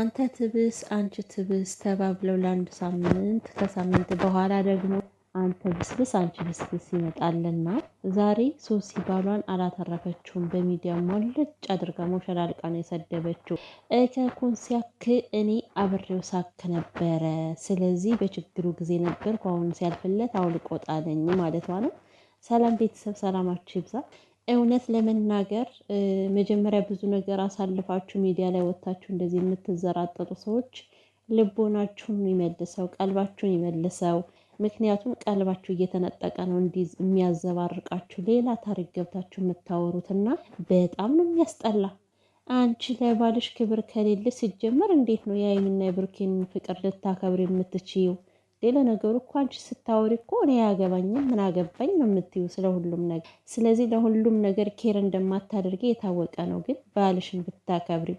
አንተ ትብስ አንቺ ትብስ ተባብለው ለአንድ ሳምንት ከሳምንት በኋላ ደግሞ አንተ ብስብስ አንቺ ብስብስ ይመጣልና ዛሬ ሶሲ ባሏን አላተረፈችውም። በሚዲያ ሞልጭ አድርጋ ሞሸላልቃ ነው የሰደበችው። እከኩን ሲያክ እኔ አብሬው ሳክ ነበረ። ስለዚህ በችግሩ ጊዜ ነበር ከአሁኑ ሲያልፍለት አውልቆጣለኝ ማለቷ ነው። ሰላም ቤተሰብ፣ ሰላማችሁ ይብዛ። እውነት ለመናገር መጀመሪያ ብዙ ነገር አሳልፋችሁ ሚዲያ ላይ ወጥታችሁ እንደዚህ የምትዘራጠጡ ሰዎች ልቦናችሁን ይመልሰው፣ ቀልባችሁን ይመልሰው። ምክንያቱም ቀልባችሁ እየተነጠቀ ነው እንዲህ የሚያዘባርቃችሁ ሌላ ታሪክ ገብታችሁ የምታወሩትና በጣም ነው የሚያስጠላ። አንቺ ለባልሽ ክብር ከሌለ ሲጀመር እንዴት ነው ያ የምናይ ፍቅር ልታከብር የምትችይው? ሌላ ነገሩ እኮ አንቺ ስታወሪ እኮ እኔ ያገባኝም ምን አገባኝ ነው የምትዩ ስለ ሁሉም ነገር። ስለዚህ ለሁሉም ነገር ኬር እንደማታደርጊ የታወቀ ነው። ግን ባልሽን ብታከብሪ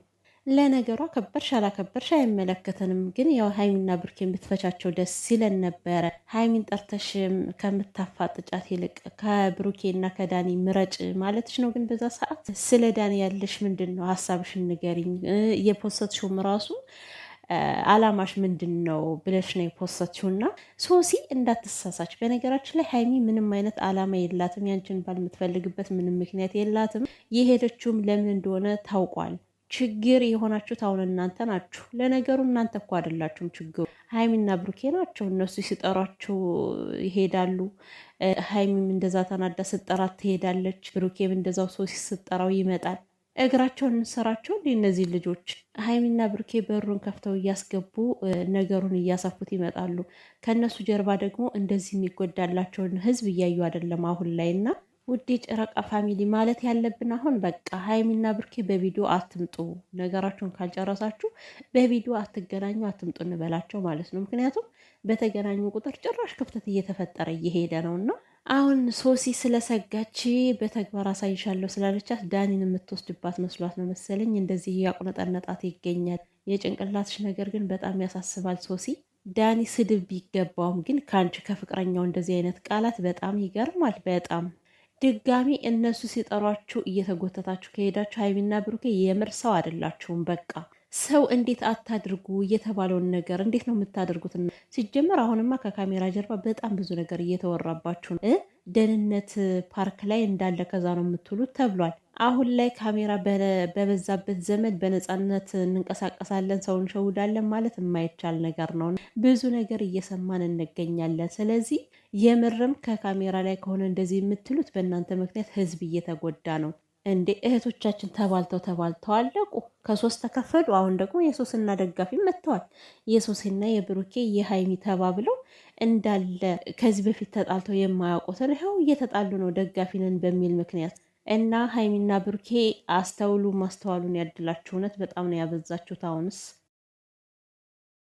ለነገሩ አከበርሽ አላከበርሽ አይመለከተንም። ግን ያው ሀይሚና ብርኬን ብትፈቻቸው ደስ ይለን ነበረ። ሀይሚን ጠርተሽ ከምታፋጥጫት ይልቅ ከብሩኬና ከዳኒ ምረጭ ማለትሽ ነው። ግን በዛ ሰዓት ስለ ዳኒ ያለሽ ምንድን ነው? ሀሳብሽን ንገሪኝ። የፖሰትሽውም ራሱ አላማሽ ምንድን ነው ብለሽ ነው የፖሰችው። እና ሶሲ እንዳትሳሳች። በነገራችን ላይ ሀይሚ ምንም አይነት አላማ የላትም። ያንችን ባል የምትፈልግበት ምንም ምክንያት የላትም። የሄደችውም ለምን እንደሆነ ታውቋል። ችግር የሆናችሁት አሁን እናንተ ናችሁ። ለነገሩ እናንተ እኮ አይደላችሁም ችግሩ፣ ሀይሚና ብሩኬ ናቸው። እነሱ ሲጠሯቸው ይሄዳሉ። ሀይሚም እንደዛ ተናዳ ስጠራት ትሄዳለች። ብሩኬም እንደዛው ሶሲ ስጠራው ይመጣል። እግራቸውን እንሰራቸው እነዚህ ልጆች ሀይሚና ብርኬ በሩን ከፍተው እያስገቡ ነገሩን እያሰፉት ይመጣሉ። ከእነሱ ጀርባ ደግሞ እንደዚህ የሚጎዳላቸውን ህዝብ እያዩ አይደለም አሁን ላይ እና ውዴ ጨረቃ ፋሚሊ ማለት ያለብን አሁን በቃ ሀይሚና ብርኬ በቪዲዮ አትምጡ፣ ነገራችሁን ካልጨረሳችሁ በቪዲዮ አትገናኙ፣ አትምጡ እንበላቸው ማለት ነው። ምክንያቱም በተገናኙ ቁጥር ጭራሽ ክፍተት እየተፈጠረ እየሄደ ነው እና አሁን ሶሲ ስለሰጋች በተግባር አሳይሻለሁ ስላለቻት ዳኒን የምትወስድባት መስሏት ነው መሰለኝ እንደዚህ ያቁነጠነጣት ይገኛል። የጭንቅላትሽ ነገር ግን በጣም ያሳስባል ሶሲ። ዳኒ ስድብ ቢገባውም ግን ከአንቺ ከፍቅረኛው እንደዚህ አይነት ቃላት በጣም ይገርማል በጣም ድጋሚ እነሱ ሲጠሯችሁ እየተጎተታችሁ ከሄዳችሁ ሀይሚና ብሩኬ የምር ሰው አይደላችሁም። በቃ ሰው እንዴት አታድርጉ የተባለውን ነገር እንዴት ነው የምታደርጉት? ሲጀመር አሁንማ ከካሜራ ጀርባ በጣም ብዙ ነገር እየተወራባችሁ ነው። ደህንነት ፓርክ ላይ እንዳለ ከዛ ነው የምትሉት ተብሏል። አሁን ላይ ካሜራ በበዛበት ዘመን በነፃነት እንንቀሳቀሳለን፣ ሰው እንሸውዳለን ማለት የማይቻል ነገር ነው። ብዙ ነገር እየሰማን እንገኛለን። ስለዚህ የምርም ከካሜራ ላይ ከሆነ እንደዚህ የምትሉት በእናንተ ምክንያት ህዝብ እየተጎዳ ነው እንዴ? እህቶቻችን ተባልተው ተባልተው አለቁ። ከሶስት ተከፈሉ። አሁን ደግሞ የሶስና ደጋፊ መጥተዋል። የሶስና የብሩኬ የሀይሚ ተባብለው እንዳለ ከዚህ በፊት ተጣልተው የማያውቁትን ይኸው እየተጣሉ ነው ደጋፊንን በሚል ምክንያት እና ሀይሚና ብሩኬ አስተውሉ፣ ማስተዋሉን ያድላችሁ። እውነት በጣም ነው ያበዛችሁት። አሁንስ